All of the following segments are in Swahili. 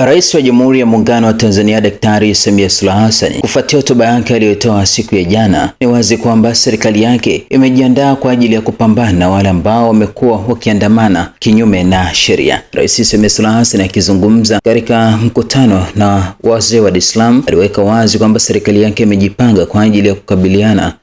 Rais wa Jamhuri ya Muungano wa Tanzania Daktari Samia Suluhu Hassan kufuatia hotuba yake aliyotoa siku ya jana, ni wazi kwamba serikali yake imejiandaa kwa ajili ya kupambana na wale ambao wamekuwa wakiandamana kinyume na sheria. Rais Samia Suluhu Hassan akizungumza katika mkutano na wazee wa Dar es Salaam aliweka wazi kwamba serikali yake imejipanga kwa ajili ya kukabiliana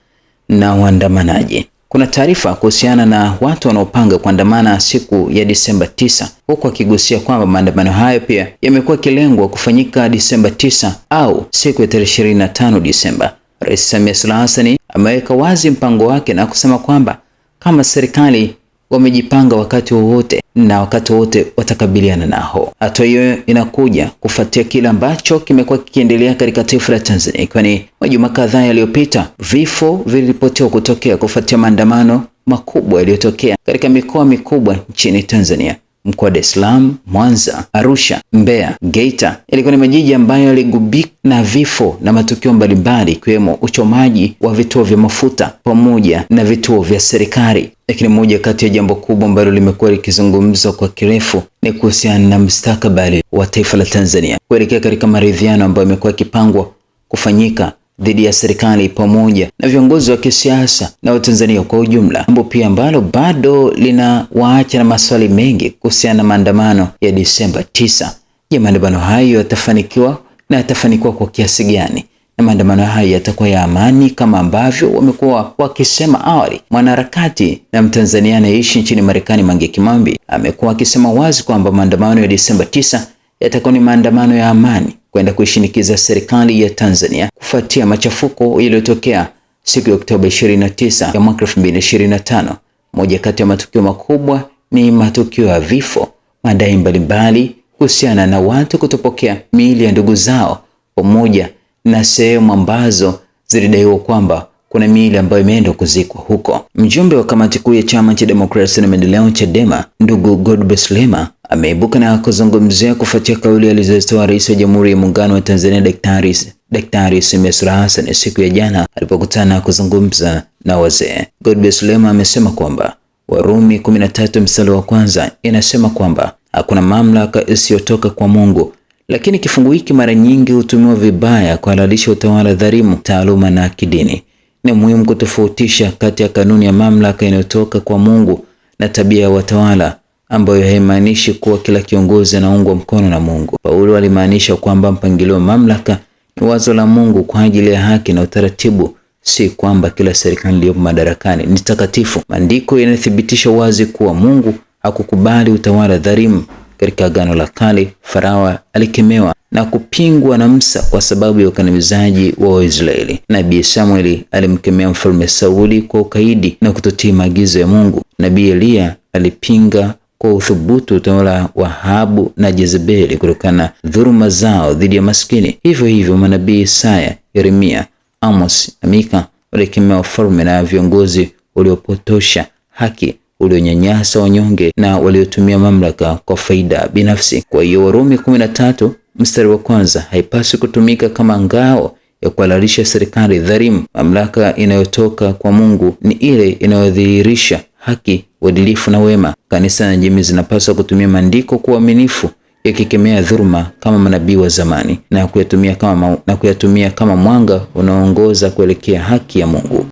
na waandamanaji. Kuna taarifa kuhusiana na watu wanaopanga kuandamana siku ya Disemba 9 huku akigusia kwamba maandamano hayo pia yamekuwa kilengwa kufanyika Disemba 9 au siku ya tarehe 25 Disemba. Rais Samia Suluhu Hassan ameweka wazi mpango wake na kusema kwamba kama serikali wamejipanga wakati wowote na wakati wowote watakabiliana nao. Hatua hiyo inakuja kufuatia kile ambacho kimekuwa kikiendelea katika taifa la Tanzania, kwani majuma kadhaa yaliyopita vifo viliripotiwa kutokea kufuatia maandamano makubwa yaliyotokea katika mikoa mikubwa nchini Tanzania mkoa wa Dar es Salaam, Mwanza, Arusha, Mbeya, Geita Ilikuwa ni majiji ambayo yaligubika na vifo na matukio mbalimbali ikiwemo uchomaji wa vituo vya mafuta pamoja na vituo vya serikali. Lakini moja kati ya jambo kubwa ambalo limekuwa likizungumzwa kwa kirefu ni kuhusiana na mustakabali wa taifa la Tanzania kuelekea katika maridhiano ambayo yamekuwa ikipangwa kufanyika dhidi ya serikali pamoja na viongozi wa kisiasa na Watanzania kwa ujumla, jambo pia ambalo bado linawaacha na maswali mengi kuhusiana na maandamano ya Disemba 9. Je, maandamano hayo yatafanikiwa na yatafanikiwa kwa kiasi gani? Na maandamano hayo yatakuwa ya amani kama ambavyo wamekuwa wakisema awali? Mwanaharakati na Mtanzania anayeishi nchini Marekani, Mange Kimambi amekuwa akisema wazi kwamba maandamano ya Disemba 9 yatakuwa ni maandamano ya amani kwenda kuishinikiza serikali ya Tanzania kufuatia machafuko yaliyotokea siku ya Oktoba 29 ya mwaka 2025. Moja kati ya matukio makubwa ni matukio ya vifo, madai mbalimbali kuhusiana na watu kutopokea miili ya ndugu zao, pamoja na sehemu ambazo zilidaiwa kwamba kuna miili ambayo imeenda kuzikwa huko. Mjumbe wa kamati kuu ya chama cha demokrasia na maendeleo Chadema, ndugu Godbless Lema ameibuka na kuzungumzia kufuatia kauli alizotoa Rais wa Jamhuri ya Muungano wa Tanzania Daktari Daktari Samia Suluhu Hassan siku ya jana alipokutana na kuzungumza na wazee. Godbless Lema amesema kwamba Warumi 13 mstari wa kwanza inasema kwamba hakuna mamlaka isiyotoka kwa Mungu, lakini kifungu hiki mara nyingi hutumiwa vibaya kuhalalisha utawala dhalimu, taaluma na kidini. Ni muhimu kutofautisha kati ya kanuni ya mamlaka inayotoka kwa Mungu na tabia ya watawala ambayo haimaanishi kuwa kila kiongozi anaungwa mkono na Mungu. Paulo alimaanisha kwamba mpangilio wa mamlaka ni wazo la Mungu kwa ajili ya haki na utaratibu, si kwamba kila serikali iliyopo madarakani ni takatifu. Maandiko yanathibitisha wazi kuwa Mungu hakukubali utawala dhalimu. Katika Agano la Kale, Farao alikemewa na kupingwa na Musa kwa sababu ya ukandamizaji wa Waisraeli. Nabii Samueli alimkemea mfalme Sauli kwa ukaidi na kutotii maagizo ya Mungu. Nabii Eliya alipinga kwa uthubutu utawala wa Ahabu na Jezebeli kutokana na dhuluma zao dhidi ya maskini. Hivyo hivyo manabii Isaya, Yeremia, Amos na Mika walikemea wafalme na viongozi waliopotosha haki ulionyanyasa wanyonge na waliotumia mamlaka kwa faida binafsi. Kwa hiyo Warumi 13 mstari wa kwanza haipaswi kutumika kama ngao ya kuhalalisha serikali dhalimu. Mamlaka inayotoka kwa Mungu ni ile inayodhihirisha haki, uadilifu na wema. Kanisa na jamii zinapaswa kutumia maandiko kwa uaminifu yakikemea dhuruma kama manabii wa zamani na kuyatumia kama, na kuyatumia kama mwanga unaoongoza kuelekea haki ya Mungu.